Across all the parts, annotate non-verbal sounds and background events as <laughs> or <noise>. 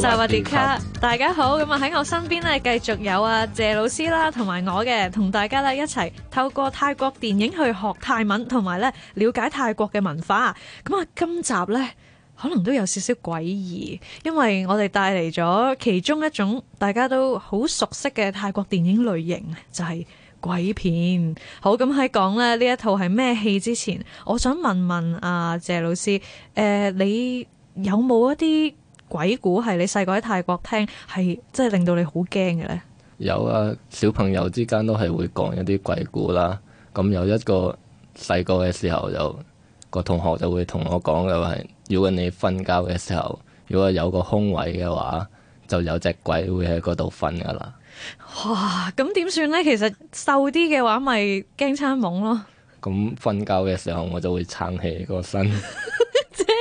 薩迪卡，大家好。咁啊，喺我身邊咧，繼續有啊謝老師啦，同埋我嘅，同大家咧一齊透過泰國電影去學泰文，同埋咧了解泰國嘅文化。咁啊，今集咧可能都有少少詭異，因為我哋帶嚟咗其中一種大家都好熟悉嘅泰國電影類型，就係、是、鬼片。好，咁喺講咧呢一套係咩戲之前，我想問問啊謝老師，誒、呃、你有冇一啲？鬼故係你細個喺泰國聽，係真係令到你好驚嘅咧？有啊，小朋友之間都係會講一啲鬼故啦。咁有一個細個嘅時候就，就、嗰個同學就會同我講嘅話：如果你瞓覺嘅時候，如果有個空位嘅話，就有隻鬼會喺嗰度瞓噶啦。哇！咁點算呢？其實瘦啲嘅話，咪驚餐懵咯。咁瞓覺嘅時候，我就會撐起個身。 <laughs>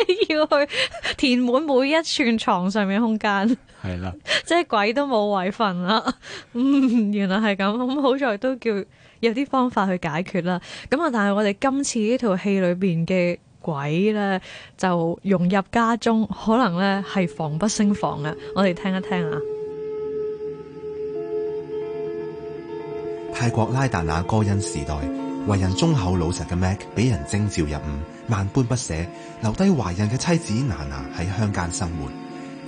<laughs> 要去填滿每一寸床上面空間，係啦，即係鬼都冇位瞓啦。嗯，原來係咁，好在都叫有啲方法去解決啦。咁啊，但係我哋今次戲面呢套戲裏邊嘅鬼咧，就融入家中，可能咧係防不勝防啊！我哋聽一聽啊，泰國拉達那歌音時代。為人忠厚老實嘅 Mac 俾人徵召入伍，萬般不捨，留低懷孕嘅妻子娜娜喺鄉間生活。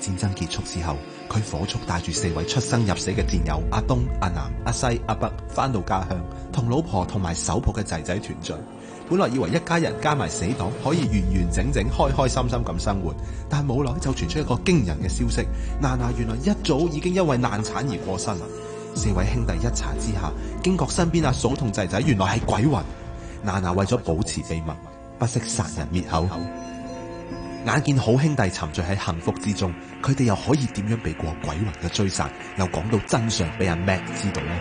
戰爭結束之後，佢火速帶住四位出生入死嘅戰友阿東、阿南、阿西、阿北翻到家鄉，同老婆同埋手抱嘅仔仔團聚。本來以為一家人加埋死黨可以完完整整、開開心心咁生活，但冇耐就傳出一個驚人嘅消息：娜娜原來一早已經因為難產而過身啦。四位兄弟一查之下，驚覺身邊阿嫂同仔仔原來係鬼魂。娜娜為咗保持秘密，不惜殺人滅口。眼見好兄弟沉醉喺幸福之中，佢哋又可以點樣避過鬼魂嘅追殺？又講到真相俾阿 Mac 知道呢？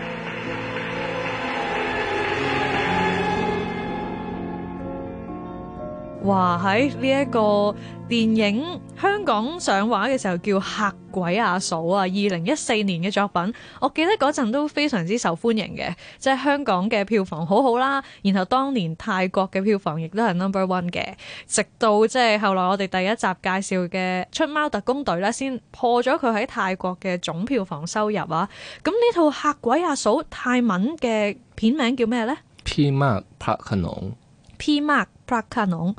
話喺呢一個電影香港上畫嘅時候叫《嚇鬼阿嫂》啊，二零一四年嘅作品，我記得嗰陣都非常之受歡迎嘅，即係香港嘅票房好好啦。然後當年泰國嘅票房亦都係 number one 嘅，直到即係後來我哋第一集介紹嘅《出貓特工隊》咧，先破咗佢喺泰國嘅總票房收入啊。咁呢套《嚇鬼阿嫂》泰文嘅片名叫咩咧？P Mark Prakarn，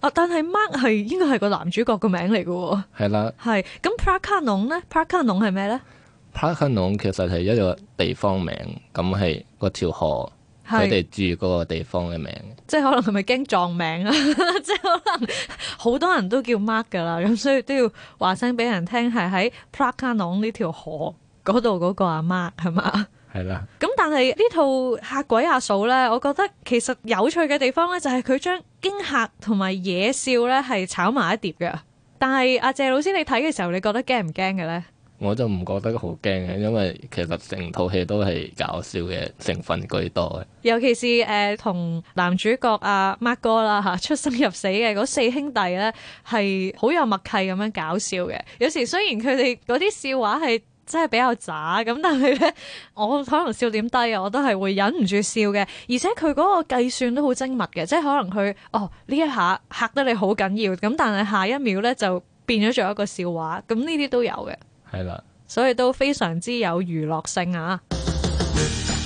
啊，但係 Mark 係應該係個男主角個名嚟嘅喎。係啦的。係，咁 Prakarn 咧，Prakarn 係咩咧？Prakarn 其實係一個地方名，咁係個條河佢哋的住嗰個地方嘅名。即係可能係咪驚撞名啊？ <laughs> 即係可能好多人都叫 Mark 㗎啦，咁所以都要話聲俾人聽，係喺 Prakarn 呢條河嗰度嗰個阿 Mark 係嘛？係啦，咁、嗯、但係呢套「嚇鬼阿嫂」呢，我覺得其實有趣嘅地方呢，就係佢將驚嚇同埋野笑呢係炒埋一碟嘅。但係阿謝老師，你睇嘅時候，你覺得驚唔驚嘅呢？我就唔覺得好驚嘅，因為其實成套戲都係搞笑嘅成分居多。尤其是誒、同、呃、男主角阿孖哥啦吓，出生入死嘅嗰四兄弟呢，係好有默契咁樣搞笑嘅。有時雖然佢哋嗰啲笑話係。真係比較渣咁，但係呢，我可能笑點低啊，我都係會忍唔住笑嘅。而且佢嗰個計算都好精密嘅，即係可能佢哦呢一下嚇得你好緊要，咁但係下一秒呢，就變咗做一個笑話，咁呢啲都有嘅。係啦的，所以都非常之有娛樂性啊！ <music>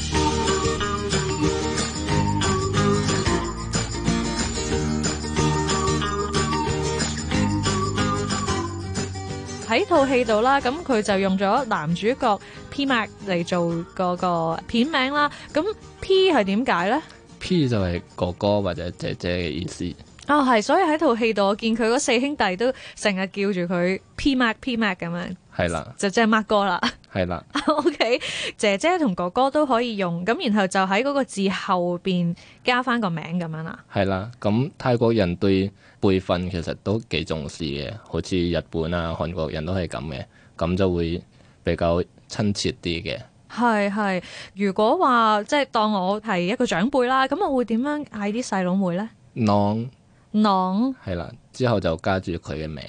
喺套戲度啦，咁佢就用咗男主角 P Mac 嚟做嗰個片名啦。咁 P 係點解咧？P 就係哥哥或者姐姐嘅意思哦，係所以喺套戲度，我見佢嗰四兄弟都成日叫住佢 P Mac P Mac 咁樣。係啦，就即係孖哥啦，係啦的。 <laughs> o、okay, K，姐姐同哥哥都可以用，咁然後就喺嗰個字後邊加翻個名咁樣啦。係啦，咁泰國人對輩分其實都幾重視嘅，好似日本啊、韓國人都係咁嘅，咁就會比較親切啲嘅。係係，如果話即係當我係一個長輩啦，咁我會點樣嗌啲細佬妹咧？Nong nong，係啦，之後就加住佢嘅名。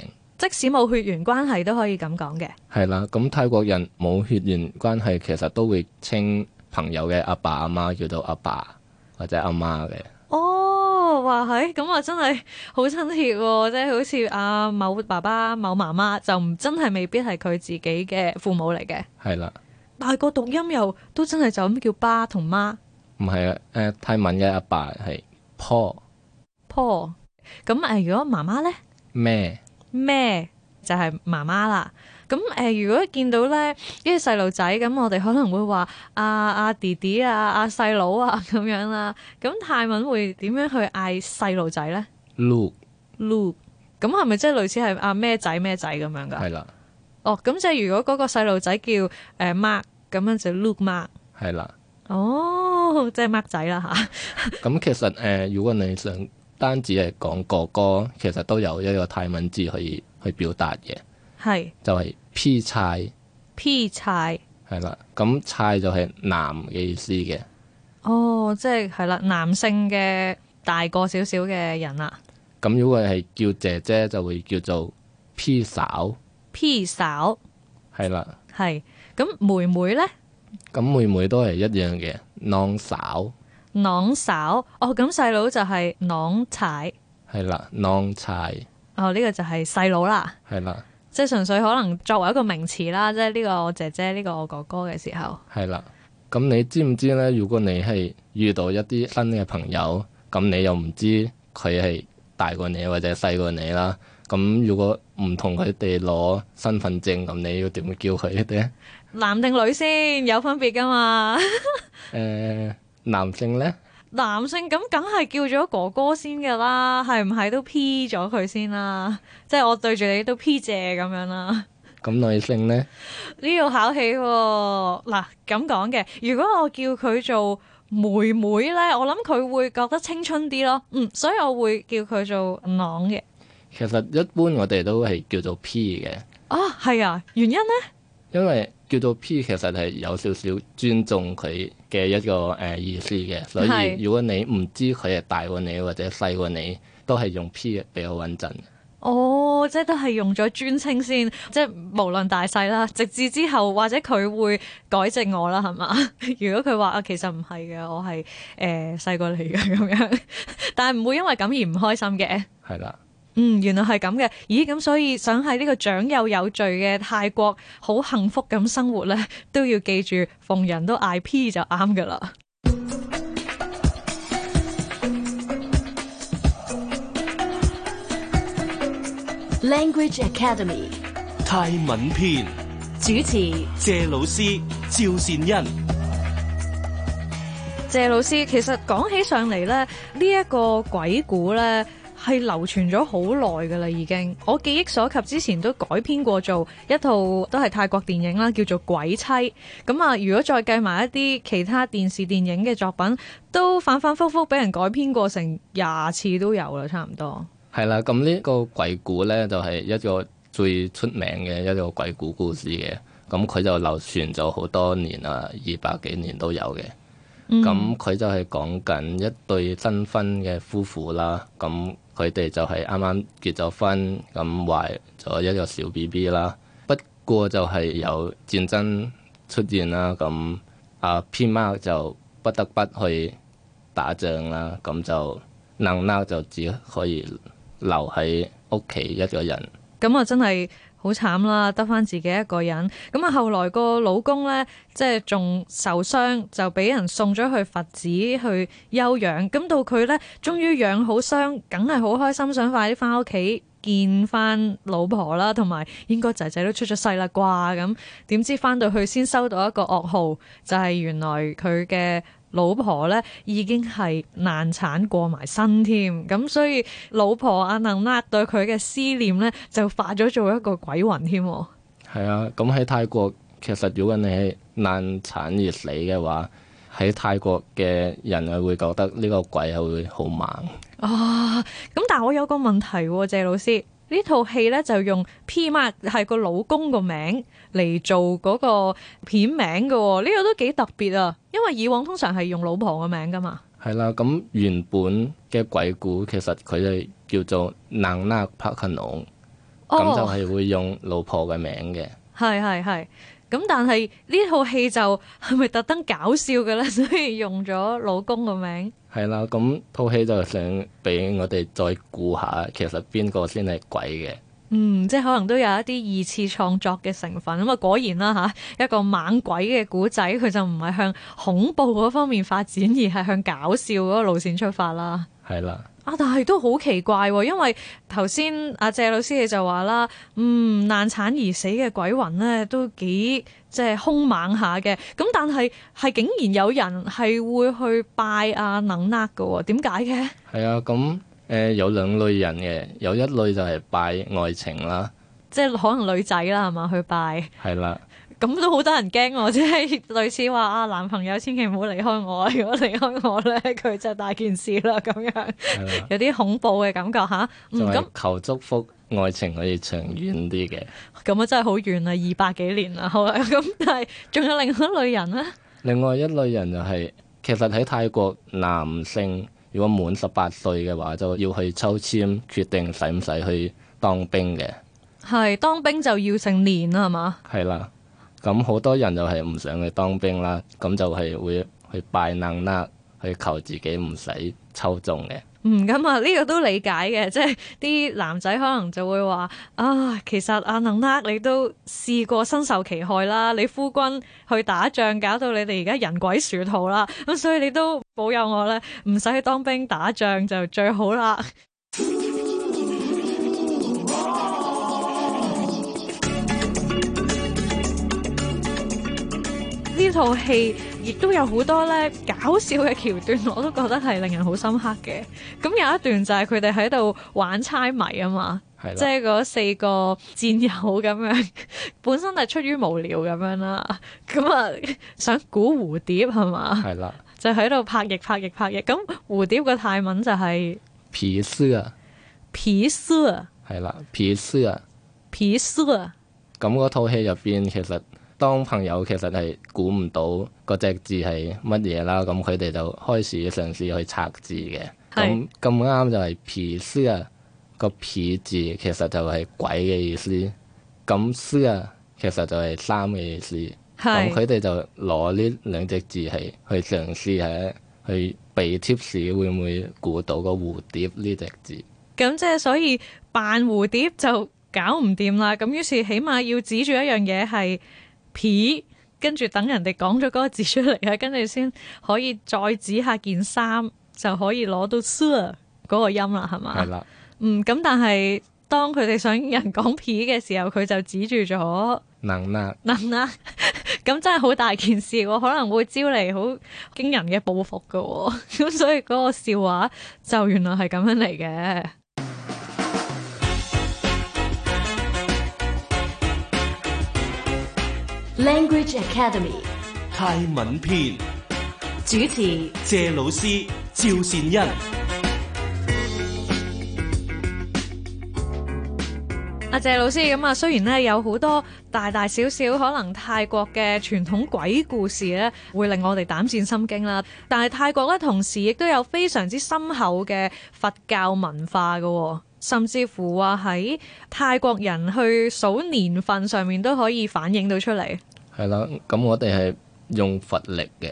即使冇血緣關係都可以咁講嘅，係啦。咁泰國人冇血緣關係，其實都會稱朋友嘅阿爸阿媽叫到阿爸或者阿媽嘅。哦，哇，係咁啊，真係好親切，即係好似阿某爸爸、某媽媽，就真係未必係佢自己嘅父母嚟嘅。係啦，但係個讀音又都真係就咁叫爸同媽。唔係啊，誒，泰文嘅阿爸係婆。婆？咁誒，如果媽媽咧咩？咩就係媽媽啦？咁誒，如果見到咧呢啲細路仔，咁我哋可能會話：阿阿弟弟啊，阿細佬啊，咁樣啦。咁泰文會點樣去嗌細路仔咧？Look，Look，咁係咪即係類似係阿咩仔咩仔咁樣噶？係啦。哦，咁即係如果嗰個細路仔叫誒 Mark，咁樣就 Look，Mark。係啦。哦，即係 Mark 仔啦吓？咁其實誒，如果你想。單止係講哥哥，其實都有一個泰文字可以去表達嘅。係是，就係 P 菜。P 菜。係啦，咁菜就係男嘅意思嘅。哦、oh，即係係啦，男性嘅大個少少嘅人啦、啊。咁如果係叫姐姐，就會叫做 P 嫂。P 嫂。係啦。係的。咁的妹妹咧？咁妹妹都係一樣嘅，non 嫂。郎嫂哦，咁細佬就係郎柴，係啦，郎柴哦，呢個就係細佬啦，係啦的，即係純粹可能作為一個名詞啦，即係呢個我姐姐，呢個我哥哥嘅時候，係啦。咁你知唔知呢？如果你係遇到一啲新嘅朋友，咁你又唔知佢係大過你或者細過你啦？咁如果唔同佢哋攞身份證，咁你要點樣叫佢哋咧？男定女先有分別噶嘛？誒、 <laughs> 欸。男性呢？男性咁梗係叫咗哥哥先噶啦，係唔係都 P 咗佢先啦？ <laughs> 即係我對住你都 P 借咁樣啦。咁、嗯、女性呢？呢個 <laughs> 考起嗱，咁講嘅。如果我叫佢做妹妹呢，我諗佢會覺得青春啲咯。嗯，所以我會叫佢做娘嘅。其實一般我哋都係叫做 P 嘅。啊，係啊，原因呢？因為叫做 P，其實係有少少尊重佢。嘅一個誒、呃、意思嘅，所以如果你唔知佢係大過你或者細過你，都係用 P 比較穩陣。哦，即係都係用咗尊稱先，即係無論大細啦，直至之後或者佢會改正我啦，係嘛？ <laughs> 如果佢話啊，其實唔係嘅，我係誒細過你嘅咁樣，但係唔會因為咁而唔開心嘅。係啦。嗯，原來係咁嘅。咦，咁所以想喺呢個長幼有序嘅泰國好幸福咁生活咧，都要記住逢人都嗌 P 就啱噶啦。Language Academy 泰文篇主持：謝老師趙善恩。謝老師，其實講起上嚟咧，呢一個鬼故咧。係流傳咗好耐噶啦，已經我記憶所及之前都改編過做一套都係泰國電影啦，叫做《鬼妻》。咁啊，如果再計埋一啲其他電視電影嘅作品，都反反复覆俾人改編過成廿次都有啦，差唔多。係啦，咁呢個鬼故呢，就係一個最出名嘅一個鬼故故事嘅。咁佢就流傳咗好多年啦，二百幾年都有嘅。咁佢就係講緊一對新婚嘅夫婦啦，咁。佢哋就係啱啱結咗婚，咁懷咗一個小 BB 啦。不過就係有戰爭出現啦，咁啊 P 貓就不得不去打仗啦，咁就 N 貓就只可以留喺屋企一個人。咁啊，真係～好慘啦，得翻自己一個人。咁啊，後來個老公呢，即係仲受傷，就俾人送咗去佛寺去休養。咁到佢呢，終於養好傷，梗係好開心，想快啲翻屋企見翻老婆啦，同埋應該仔仔都出咗世啦啩。咁點知翻到去先收到一個噩耗，就係、是、原來佢嘅老婆咧已經係難產過埋身添，咁所以老婆阿能啦對佢嘅思念咧就化咗做一個鬼魂添。係啊，咁喺泰國其實如果你係難產而死嘅話，喺泰國嘅人係會覺得呢個鬼係會好猛啊。咁但係我有個問題，啊，謝老師。呢套戲咧就用 P m 馬係個老公個名嚟做嗰個片名嘅，哦，呢，這個都幾特別啊！因為以往通常係用老婆嘅名噶嘛。係啦，咁原本嘅鬼故其實佢係叫做 Nana p a r k i n o n 咁就係會用老婆嘅名嘅。係係係。咁但係呢套戲就係咪特登搞笑嘅咧？所以用咗老公個名。係啦，咁套戲就想俾我哋再估下，其實邊個先係鬼嘅？嗯，即係可能都有一啲二次創作嘅成分。咁啊，果然啦吓、啊，一個猛鬼嘅古仔，佢就唔係向恐怖嗰方面發展，而係向搞笑嗰個路線出發啦。係啦。啊！但係都好奇怪，哦，因為頭先阿謝老師就話啦，嗯，難產而死嘅鬼魂咧，都幾即係兇猛下嘅，咁但係係竟然有人係會去拜阿、啊、能叻嘅，點解嘅？係啊，咁、嗯、誒有兩類人嘅，有一類就係拜愛情啦，即係可能女仔啦，係嘛去拜，係啦。咁都好多人驚我，即係類似話啊，男朋友千祈唔好離開我。如果離開我咧，佢就大件事啦。咁樣吧 <laughs> 有啲恐怖嘅感覺吓，唔、啊、咁求祝福，愛情可以長遠啲嘅。咁啊，真係好遠啦，二百幾年啦。好啦，咁但係仲有另外一類人咧。 <laughs> 另外一類人就係、是、其實喺泰國男性，如果滿十八歲嘅話，就要去抽籤決定使唔使去當兵嘅。係當兵就要成年啦，係嘛？係啦。咁好多人又係唔想去當兵啦，咁就係會去拜能啦，去求自己唔使抽中嘅。嗯，咁啊呢個都理解嘅，即係啲男仔可能就會話啊，其實阿能啦，你都試過身受其害啦，你夫君去打仗搞到你哋而家人鬼殊途啦，咁所以你都保佑我咧，唔使去當兵打仗就最好啦。 <laughs> 呢套戲亦都有好多咧搞笑嘅橋段，我都覺得係令人好深刻嘅。咁有一段就係佢哋喺度玩猜謎啊嘛，係啦即係嗰四個戰友咁樣，本身係出於無聊咁樣啦，咁啊想估蝴蝶係嘛，係啦，係啦就喺度拍翼拍翼拍翼，咁蝴蝶嘅泰文就係、是、皮斯啊，皮斯啊，皮斯啊，係啦、啊，皮斯啊，皮斯啊，咁嗰套戲入邊其實。當朋友其實係估唔到嗰隻字係乜嘢啦，咁佢哋就開始嘗試去拆字嘅。咁咁啱就係皮書啊個皮字其實就係鬼嘅意思，咁書啊其實就係三嘅意思。咁佢哋就攞呢兩隻字係去嘗試下，去畀貼士會唔會估到個蝴蝶呢隻字？咁即係所以扮蝴蝶就搞唔掂啦。咁於是起碼要指住一樣嘢係 P，跟住等人哋講咗嗰個字出嚟，跟住先可以再指下件衫，就可以攞到 sure 嗰、那個音啦，係嘛？係啦了，嗯，咁但係當佢哋想人講 P 嘅時候，佢就指住咗，能啦、啊，能啦、啊，咁 <laughs> 真係好大件事喎，可能會招嚟好驚人嘅報復㗎、哦，咁 <laughs> 所以嗰個笑話就原來係咁樣嚟嘅。Language Academy，泰文篇，主持謝老師趙善恩。阿謝老師，咁啊，雖然咧有好多大大小小可能泰國嘅傳統鬼故事咧，會令我哋膽戰心驚啦。但係泰國咧，同時亦都有非常之深厚嘅佛教文化噶。甚至乎話喺泰國人去數年份上面都可以反映到出嚟。係啦，咁我哋係用佛歷嘅。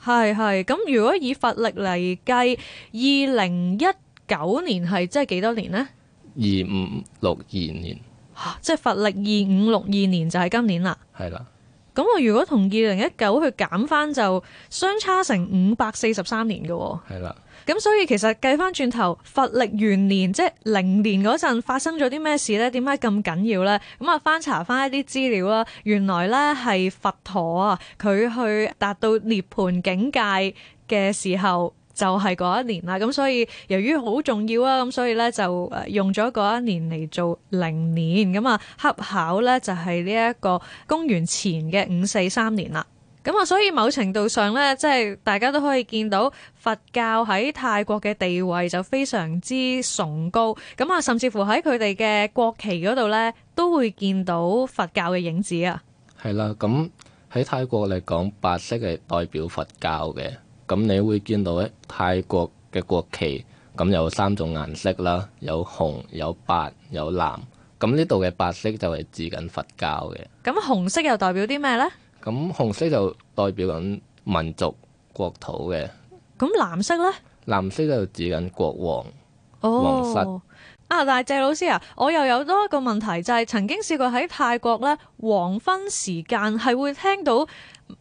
係係，咁如果以佛歷嚟計，二零一九年係即係幾多年呢？二五六二年。嚇！即係佛歷二五六二年就係今年啦。係啦。咁我如果同二零一九去減返，就相差成五百四十三年嘅喎。係啦。咁所以其實計翻轉頭佛歷元年，即係零年嗰陣發生咗啲咩事咧？點解咁緊要咧？咁啊，翻查翻一啲資料啦，原來咧係佛陀啊佢去達到涅槃境界嘅時候，就係、是、嗰一年啦。咁所以由於好重要啊，咁所以咧就用咗嗰一年嚟做零年，咁啊，恰巧咧就係呢一個公元前嘅五四三年啦。咁啊，所以某程度上咧，即係大家都可以見到佛教喺泰國嘅地位就非常之崇高。咁啊，甚至乎喺佢哋嘅國旗嗰度咧，都會見到佛教嘅影子啊。係啦，咁喺泰國嚟講，白色係代表佛教嘅。咁你會見到咧，泰國嘅國旗咁有三種顏色啦，有紅、有白、有藍，咁呢度嘅白色就係指緊佛教嘅。咁紅色又代表啲咩咧？咁紅色就代表緊民族國土嘅，咁藍色呢？藍色就指緊國王，oh，王室啊！但係謝老師啊，我又有多一個問題，就係、是、曾經試過喺泰國呢，黃昏時間係會聽到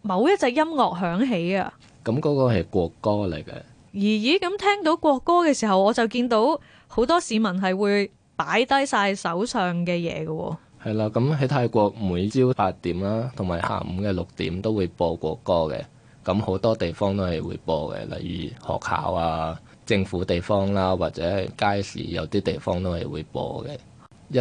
某一隻音樂響起啊！咁嗰個係國歌嚟嘅，咦咦咁聽到國歌嘅時候，我就見到好多市民係會擺低晒手上嘅嘢嘅。係啦，咁喺泰國每朝八點啦，同埋下午嘅六點都會播國歌嘅。咁好多地方都係會播嘅，例如學校啊、政府地方啦，或者街市有啲地方都係會播嘅。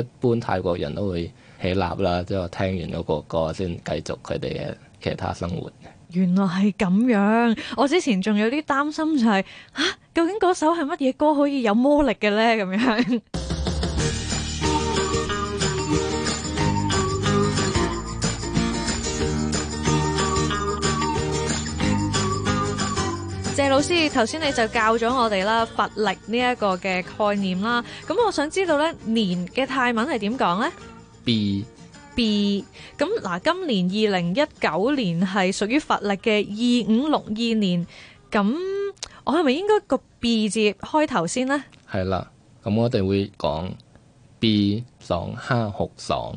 一般泰國人都會起立啦，即係聽完咗國歌先繼續佢哋嘅其他生活。原來係咁樣，我之前仲有啲擔心就係，啊，究竟嗰首係乜嘢歌可以有魔力嘅呢？咁樣。 <laughs> 謝老師，頭先你就教咗我哋啦，佛力呢一個嘅概念啦。咁我想知道呢年嘅泰文係點講呢 b B 咁嗱，今年二零一九年係屬於佛力嘅二五六二年。咁我係咪應該個 B 字開頭先呢？係啦，咁我哋會講 B 爽哈酷爽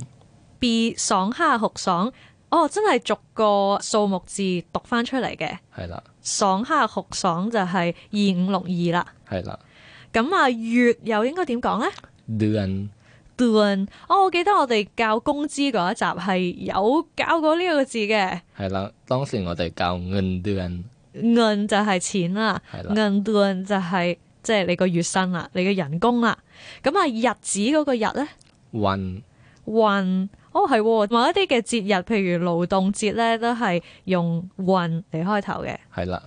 ，B 爽哈酷爽。B, 爽哈酷爽哦，真係逐個數目字讀翻出嚟嘅。係啦的。爽下酷爽就係二五六二啦。係啦的。咁啊月又應該點講咧？doan doan。哦我記得我哋教工資嗰一集係有教過呢個字嘅。係啦，當時我哋教 n doan，n 就係錢啦，n doan 就係即係你個月薪啦，你嘅人工啦。咁啊日子嗰個日咧？yun yun 哦，係，某一啲嘅節日，譬如勞動節咧，都係用運嚟開頭嘅。係啦。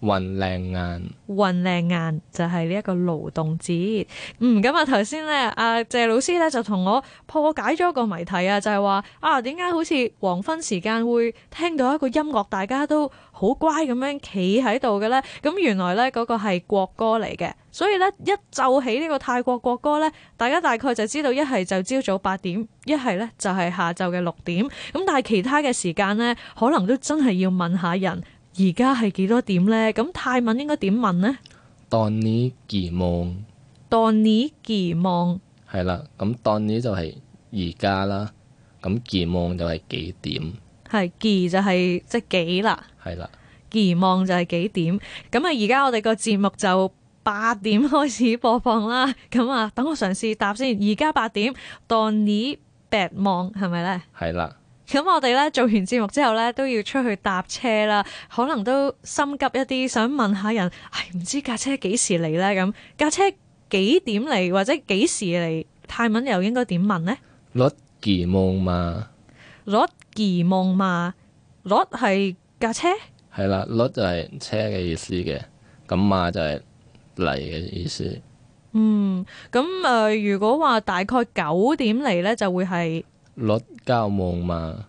云靚眼，云靚眼就係呢一個勞動節。嗯，咁啊頭先咧，阿謝老師咧就同我破解咗一個謎題，就係，啊，就係話啊，點解好似黃昏時間會聽到一個音樂，大家都好乖咁樣企喺度嘅咧？咁原來咧嗰、嗰個係國歌嚟嘅，所以咧一奏起呢個泰國國歌咧，大家大概就知道一係就朝早八點，一係咧就係下晝嘅六點。咁但係其他嘅時間咧，可能都真係要問下人。而家係幾多點咧？咁泰文應該點問呢？Doni G 望，Doni G 望，係啦。咁 Doni 就係而家啦。咁 G 望就係幾點？係 G 就係即係幾啦？係啦的。G 望就係幾點？咁啊，而家我哋個節目就八點開始播放啦。咁啊，等我嘗試答先。而家八點，Doni G 望係咪咧？係啦。咁我哋咧做完節目之後咧，都要出去搭車啦，可能都心急一啲，想問下人，唉，唔知架車幾時嚟咧？咁架車幾點嚟或者幾時嚟？泰文又應該點問呢？」「rot ma，rot ma，rot 係架車，係啦，rot 就係車嘅意思嘅，咁 ma 就係嚟嘅意思。嗯，咁、嗯、誒，如果話大概九點嚟咧，就會係。攞膠夢嘛，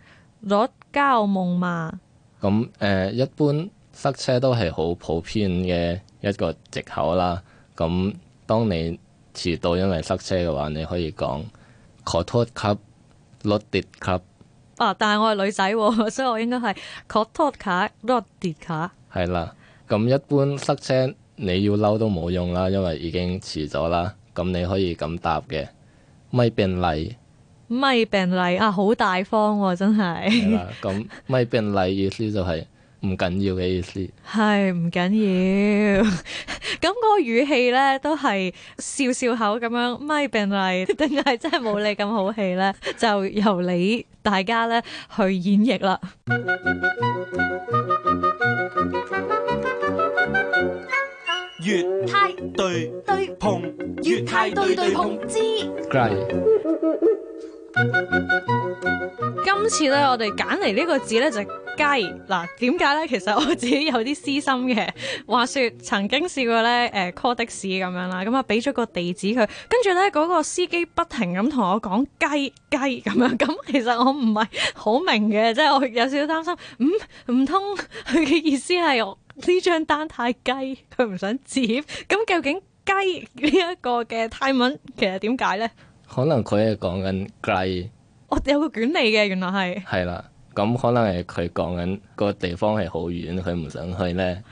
攞膠夢嘛。咁、嗯、誒、呃，一般塞車都係好普遍嘅一個藉口啦。咁當你遲到因為塞車嘅話，你可以講可托卡，落跌卡。啊，但係我係女仔，所以我應該係可托卡，落跌卡。係啦，咁一般塞車你要嬲都冇用啦，因為已經遲咗啦。咁你可以咁答嘅咪病例。咪病例啊，好大方，啊、真係。係啦。咁咪病例意思就係唔緊要嘅意思。係唔緊要，咁 <laughs> 個語氣咧都係笑笑口咁樣咪病例，定係真係冇你咁好氣咧？ <laughs> 就由你大家咧去演繹啦。粵太對對碰，粵太對對碰知。今次咧，我哋揀嚟呢個字咧就係雞嗱，點解咧？其實我自己有啲私心嘅。話說曾經試過咧，誒 call 的士咁樣啦，咁啊俾咗個地址佢，跟住咧嗰個司機不停咁同我講雞雞咁樣，咁其實我唔係好明嘅，即係我有少少擔心。唔唔通佢嘅意思係我呢張單太雞，佢唔想接？咁究竟雞呢一個嘅泰文其實點解咧？可能佢係講緊 Gry 我有個卷嚟嘅。原來係係啦，咁、 <noise> 啊、可能係佢講緊個地方係好遠，佢唔想去咧。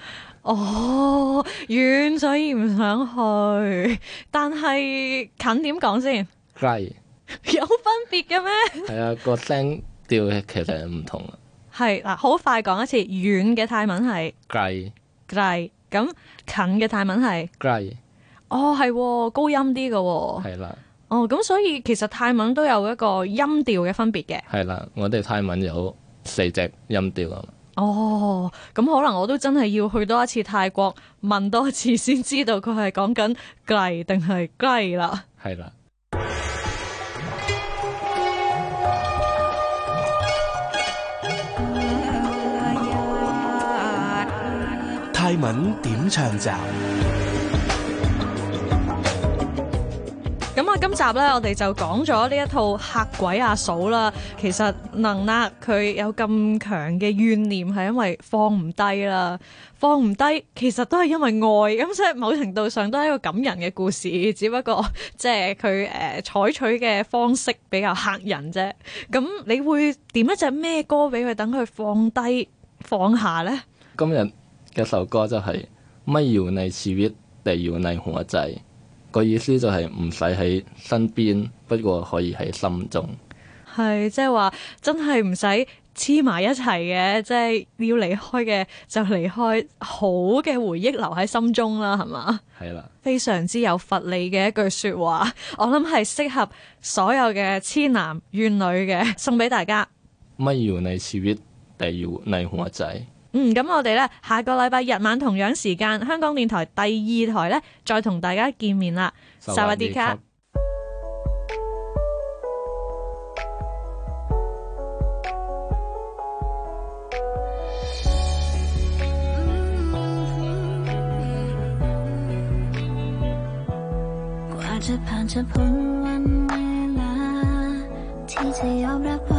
哦，遠，所以唔想去，但係近點講先？Gry，有分別嘅咩？係 <laughs> 啊，個聲調其實唔同 <laughs> 啊。係嗱，好快講一次，遠嘅泰文係 Gry，Gry，咁近嘅泰文係 Gry 哦，係 G rey,、oh, 啊、高音啲嘅、啊，係啦。 <noise> 哦，咁所以其實泰文都有一個音調嘅分別嘅。係啦，我哋泰文有四隻音調啊。哦，咁可能我都真係要去多一次泰國，問多一次先知道佢係講緊貴定係貴啦。係啦。泰文點唱就？今集咧，我哋就講咗呢一套吓鬼阿嫂啦。其實能啊，佢有咁強嘅怨念，係因為放唔低啦，放唔低，其實都係因為愛。咁所以某程度上都係一個感人嘅故事，只不過即係佢誒採取嘅方式比較嚇人啫。咁你會點一隻咩歌俾佢，等佢放低放下呢？今日嘅首歌就係、是《未死在生命，但死在火仔》。個意思就係唔使喺身邊，不過可以喺心中。係即係話，真係唔使黐埋一齊嘅，即係要離開嘅就離開，好嘅回憶留喺心中啦，係嘛？係啦，非常之有佛理嘅一句說話，我諗係適合所有嘅癡男怨女嘅，送俾大家。乜要你，你，必，仔。嗯，咁我哋咧下個禮拜日晚同樣時間，香港電台第二台咧再同大家見面啦 s a 啲卡。 <music>